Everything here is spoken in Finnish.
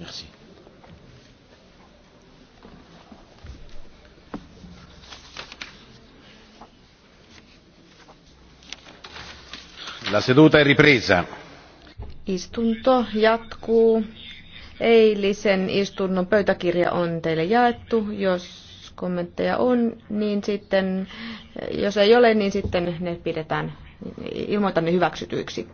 Merci. La seduta è ripresa. Istunto jatkuu. Eilisen istunnon pöytäkirja on teille jaettu. Jos kommentteja on, niin sitten, jos ei ole, niin sitten ne pidetään, ilmoitamme hyväksytyiksi.